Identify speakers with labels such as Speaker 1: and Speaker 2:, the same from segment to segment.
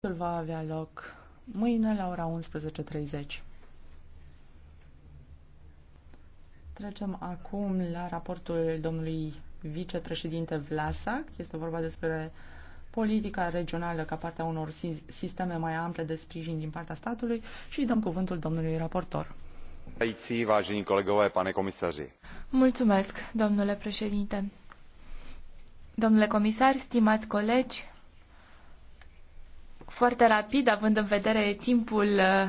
Speaker 1: Votul va avea loc mâine la ora 11.30. Trecem acum la raportul domnului vicepreședinte Vlasac. Este vorba despre politica regională ca partea unor sisteme mai ample de sprijin din partea statului și dăm cuvântul domnului raportor.
Speaker 2: Vážení kolegové, pane komisaři.
Speaker 3: Mulțumesc, domnule președinte. Domnule comisar, stimați colegi, foarte rapid, având în vedere timpul uh,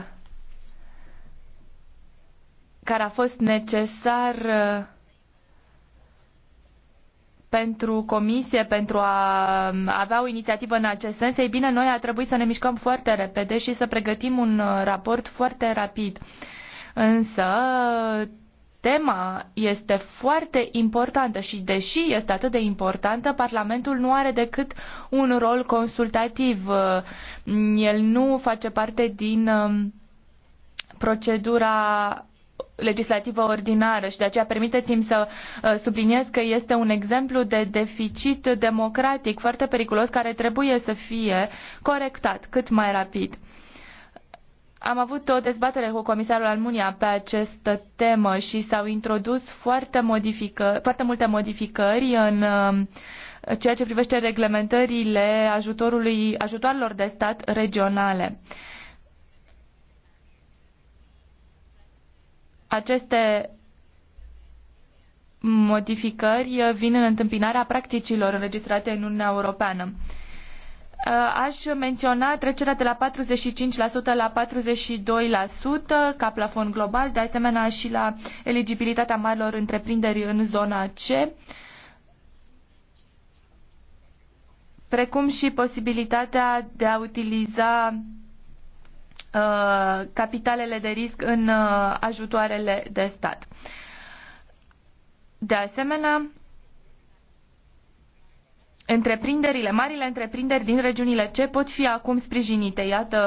Speaker 3: care a fost necesar uh, pentru comisie, pentru a um, avea o inițiativă în acest sens, ei bine, noi a trebuit să ne mișcăm foarte repede și să pregătim un uh, raport foarte rapid. Însă, Tema este foarte importantă și, deși este atât de importantă, Parlamentul nu are decât un rol consultativ. El nu face parte din um, procedura legislativă ordinară și de aceea permiteți-mi să uh, subliniez că este un exemplu de deficit democratic foarte periculos care trebuie să fie corectat cât mai rapid. Am avut o dezbatere cu comisarul Almunia pe această temă și s-au introdus foarte, modifică, foarte multe modificări în uh, ceea ce privește reglementările ajutorului, ajutoarelor de stat regionale. Aceste modificări vin în întâmpinarea practicilor înregistrate în Uniunea Europeană. Uh, aș menționa trecerea de la 45% la 42% ca plafon global, de asemenea și la eligibilitatea marilor întreprinderi în zona C, precum și posibilitatea de a utiliza uh, capitalele de risc în uh, ajutoarele de stat. De asemenea, întreprinderile, marile întreprinderi din regiunile ce pot fi acum sprijinite. Iată,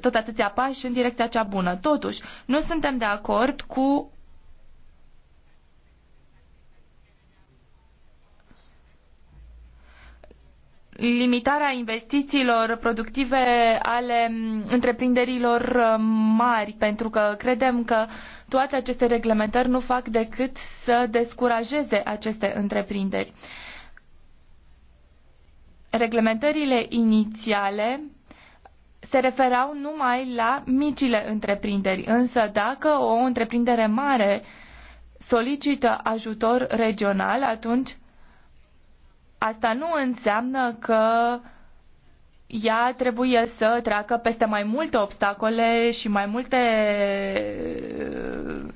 Speaker 3: tot atâția pași în direcția cea bună. Totuși, nu suntem de acord cu limitarea investițiilor productive ale întreprinderilor uh, mari, pentru că credem că toate aceste reglementări nu fac decât să descurajeze aceste întreprinderi. Uh, reglementările inițiale se referau numai la micile întreprinderi, însă dacă o întreprindere mare solicită ajutor regional, atunci asta nu înseamnă că ea trebuie să treacă peste mai multe obstacole și mai multe uh,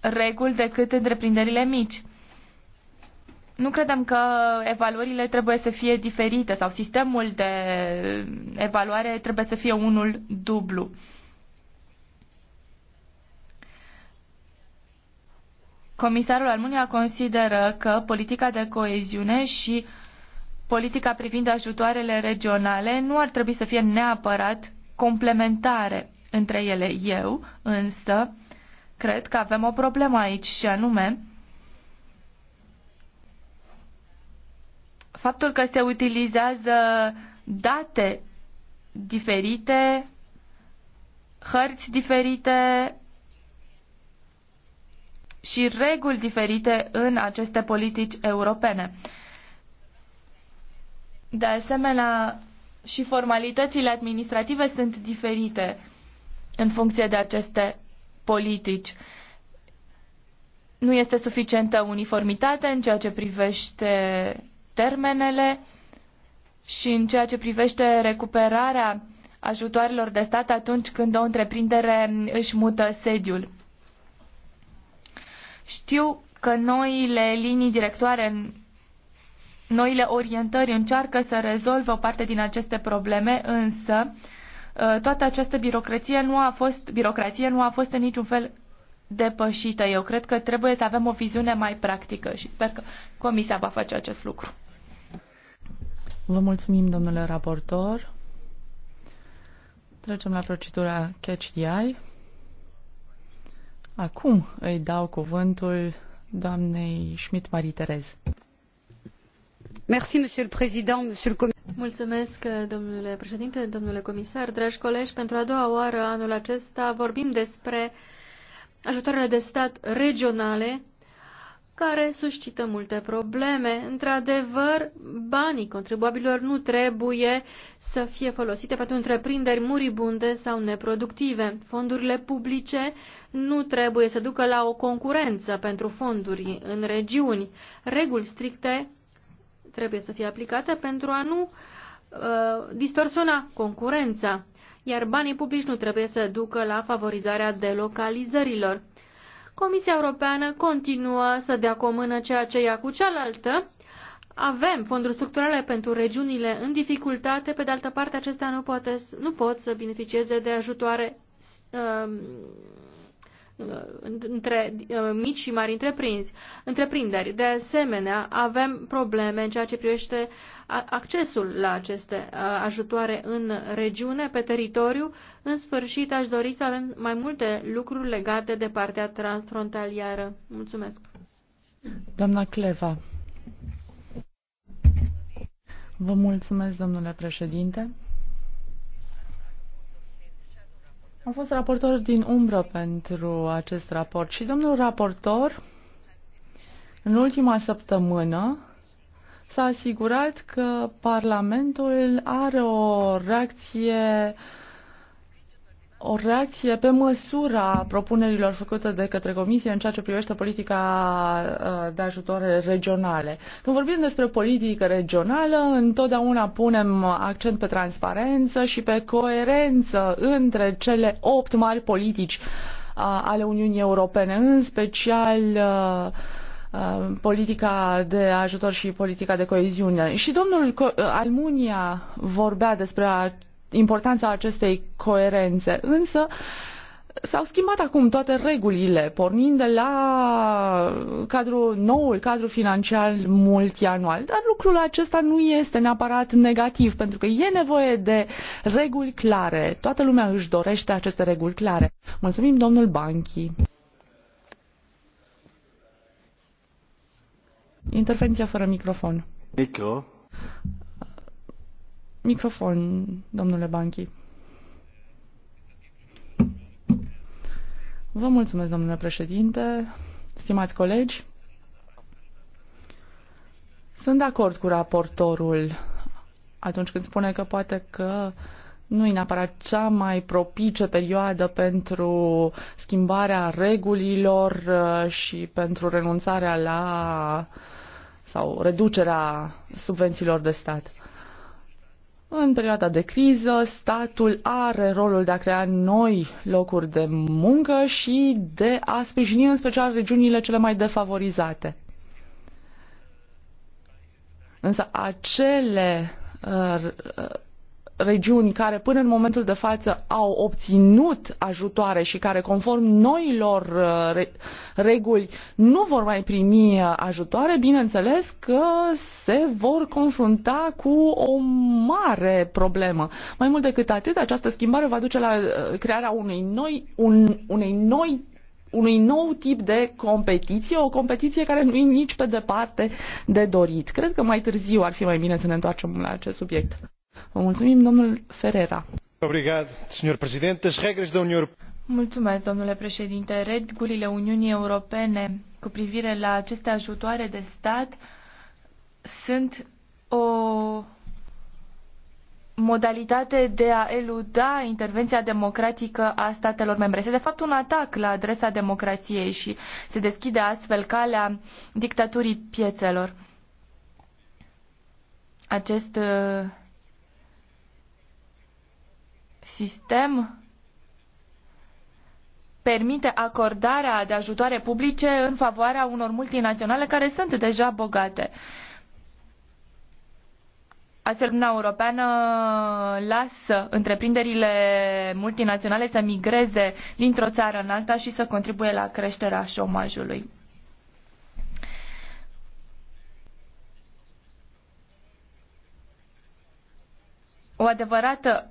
Speaker 3: reguli decât întreprinderile mici. Nu credem că evaluările trebuie să fie diferite sau sistemul de evaluare trebuie să fie unul dublu. Comisarul Almunia consideră că politica de coeziune și politica privind ajutoarele regionale nu ar trebui să fie neapărat complementare între ele. Eu, însă, cred că avem o problemă aici și anume Faptul că se utilizează date diferite, hărți diferite și reguli diferite în aceste politici europene. De asemenea, și formalitățile administrative sunt diferite în funcție de aceste politici. Nu este suficientă uniformitate în ceea ce privește termenele și în ceea ce privește recuperarea ajutoarelor de stat atunci când o întreprindere își mută sediul. Știu că noile linii directoare, noile orientări încearcă să rezolvă o parte din aceste probleme, însă ă, toată această birocrație nu a fost, birocrație nu a fost în niciun fel depășită. Eu cred că trebuie să avem o viziune mai practică și sper că Comisia va face acest lucru.
Speaker 1: Vă mulțumim, domnule raportor. Trecem la procedura Catch the Eye. Acum îi dau cuvântul doamnei Schmidt Marie Terez.
Speaker 4: Merci, monsieur le président,
Speaker 2: monsieur le Mulțumesc, domnule președinte, domnule comisar, dragi colegi. Pentru a doua oară anul acesta vorbim despre ajutoarele de stat regionale care suscită multe probleme. Într-adevăr, banii contribuabililor nu trebuie să fie folosite pentru întreprinderi muribunde sau neproductive. Fondurile publice nu trebuie să ducă la o concurență pentru fonduri în regiuni. Reguli stricte trebuie să fie aplicate pentru a nu uh, distorsiona concurența, iar banii publici nu trebuie să ducă la favorizarea delocalizărilor Comisia Europeană continuă să dea cu o mână ceea ce ia cu cealaltă. Avem fonduri structurale pentru regiunile în dificultate, pe de altă parte acestea nu, poate, nu pot să beneficieze de ajutoare um, Uh, între uh, mici și mari întreprinzi, întreprinderi. De asemenea, avem probleme în ceea ce privește accesul la aceste uh, ajutoare în regiune, pe teritoriu. În sfârșit, aș dori să avem mai multe lucruri legate de partea transfrontalieră. Mulțumesc.
Speaker 1: Doamna Cleva. Vă mulțumesc, domnule președinte. Am fost raportor din umbră pentru acest raport și domnul raportor, în ultima săptămână, s-a asigurat că Parlamentul are o reacție uh, o reacție pe măsura propunerilor făcute de către Comisie în ceea ce privește politica uh, de ajutoare regionale. Când vorbim despre politică regională, întotdeauna punem accent pe transparență și pe coerență între cele opt mari politici uh, ale Uniunii Europene, în special uh, politica de ajutor și politica de coeziune. Și domnul Almunia vorbea despre importanța acestei coerențe. Însă, S-au schimbat acum toate regulile, pornind de la cadrul, noul cadru financiar multianual, dar lucrul acesta nu este neapărat negativ, pentru că e nevoie de reguli clare. Toată lumea își dorește aceste reguli clare. Mulțumim, domnul Banchi. Intervenția fără microfon. Micro. Microfon, domnule Banchi. Vă mulțumesc, domnule președinte, stimați colegi. Sunt de acord cu raportorul atunci când spune că poate că nu e neapărat cea mai propice perioadă pentru schimbarea regulilor uh, și pentru renunțarea la sau reducerea subvențiilor de stat. În perioada de criză, statul are rolul de a crea noi locuri de muncă și de a sprijini în special regiunile cele mai defavorizate. Însă acele uh, regiuni care până în momentul de față au obținut ajutoare și care conform noilor uh, reguli nu vor mai primi uh, ajutoare, bineînțeles că se vor confrunta cu o mare problemă. Mai mult decât atât, această schimbare va duce la uh, crearea unei noi, un, unei noi unui nou tip de competiție, o competiție care nu e nici pe departe de dorit. Cred că mai târziu ar fi mai bine să ne întoarcem la acest subiect mulțumim, domnul Ferreira.
Speaker 4: Da
Speaker 3: Mulțumesc, domnule președinte. Regulile Uniunii Europene cu privire la aceste ajutoare de stat sunt o modalitate de a eluda intervenția democratică a statelor membre. Este de fapt un atac la adresa democrației și se deschide astfel calea dictaturii piețelor. Acest uh, sistem permite acordarea de ajutoare publice în favoarea unor multinaționale care sunt deja bogate. Astfel, Uniunea Europeană lasă întreprinderile multinaționale să migreze dintr-o țară în alta și să contribuie la creșterea șomajului. O adevărată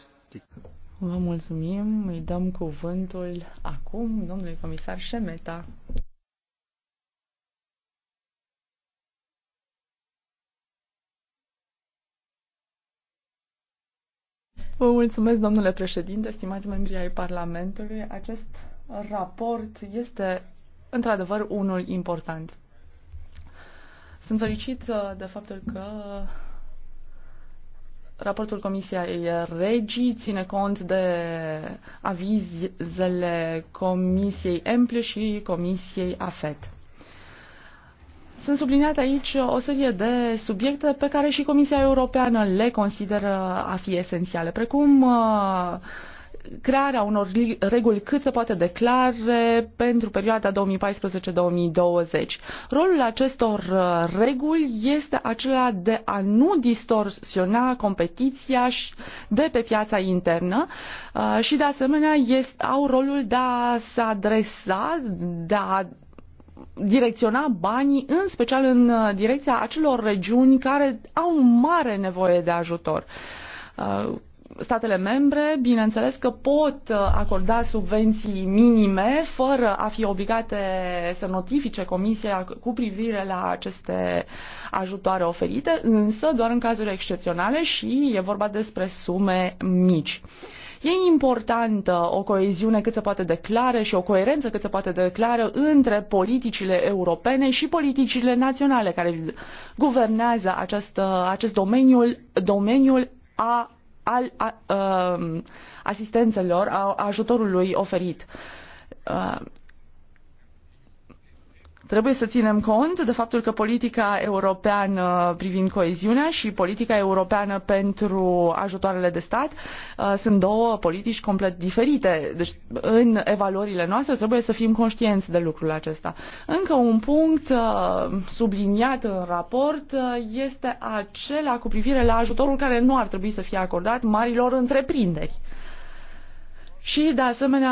Speaker 1: Vă mulțumim, îi dăm cuvântul acum domnului comisar Șemeta. Vă mulțumesc, domnule președinte, stimați membri ai Parlamentului. Acest raport este într-adevăr unul important. Sunt fericit de faptul că Raportul Comisiei Regii ține cont de avizele Comisiei Emple și Comisiei AFET. Sunt subliniate aici o serie de subiecte pe care și Comisia Europeană le consideră a fi esențiale, precum uh, crearea unor reguli cât se poate declare pentru perioada 2014-2020. Rolul acestor uh, reguli este acela de a nu distorsiona competiția de pe piața internă uh, și de asemenea este, au rolul de a se adresa, de a direcționa banii în special în uh, direcția acelor regiuni care au mare nevoie de ajutor statele membre, bineînțeles că pot uh, acorda subvenții minime fără a fi obligate să notifice Comisia cu privire la aceste ajutoare oferite, însă doar în cazuri excepționale și e vorba despre sume mici. E importantă o coeziune cât se poate de și o coerență cât se poate declară între politicile europene și politicile naționale care guvernează această, acest domeniul, domeniul a al a, a, ă, asistențelor, a ajutorului oferit. Ă, Trebuie să ținem cont de faptul că politica europeană privind coeziunea și politica europeană pentru ajutoarele de stat uh, sunt două politici complet diferite. Deci, în evaluările noastre trebuie să fim conștienți de lucrul acesta. Încă un punct uh, subliniat în raport uh, este acela cu privire la ajutorul care nu ar trebui să fie acordat marilor întreprinderi și, de asemenea,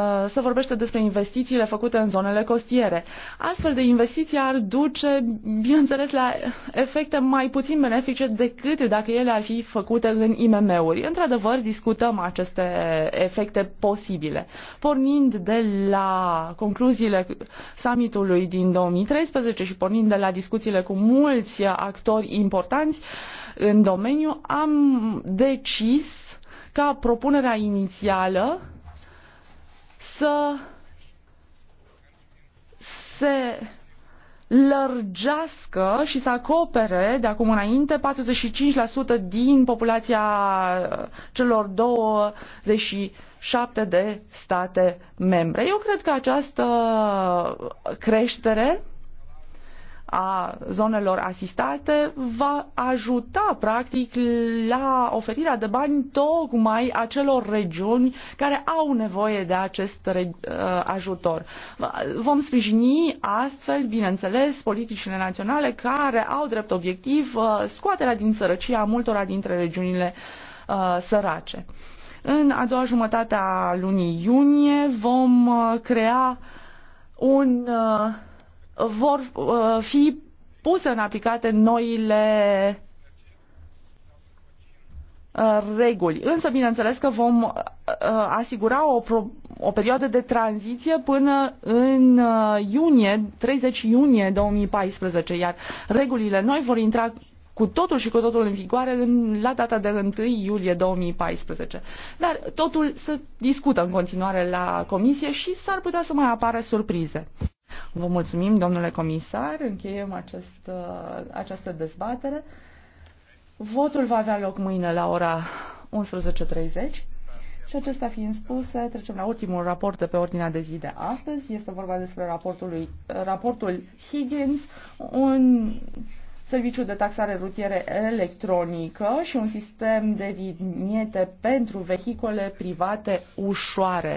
Speaker 1: uh, se vorbește despre investițiile făcute în zonele costiere. Astfel de investiții ar duce, bineînțeles, la efecte mai puțin benefice decât dacă ele ar fi făcute în IMM-uri. Într-adevăr, discutăm aceste efecte posibile. Pornind de la concluziile summitului din 2013 și pornind de la discuțiile cu mulți actori importanți în domeniu, am decis ca propunerea inițială să se lărgească și să acopere de acum înainte 45% din populația celor 27 de state membre. Eu cred că această creștere a zonelor asistate va ajuta practic la oferirea de bani tocmai acelor regiuni care au nevoie de acest uh, ajutor. Vom sprijini astfel, bineînțeles, politicile naționale care au drept obiectiv uh, scoaterea din sărăcie a multora dintre regiunile uh, sărace. În a doua jumătate a lunii iunie vom crea un uh, vor uh, fi puse în aplicate noile uh, reguli. Însă, bineînțeles că vom uh, asigura o, pro, o perioadă de tranziție până în iunie, 30 iunie 2014, iar regulile noi vor intra cu totul și cu totul în vigoare în, la data de 1 iulie 2014. Dar totul se discută în continuare la comisie și s-ar putea să mai apară surprize. Vă mulțumim, domnule comisar. Încheiem acest, uh, această dezbatere. Votul va avea loc mâine la ora 11.30. Și acestea fiind spuse, trecem la ultimul raport de pe ordinea de zi de astăzi. Este vorba despre raportul, lui, raportul Higgins, un serviciu de taxare rutiere electronică și un sistem de viniete pentru vehicole private ușoare.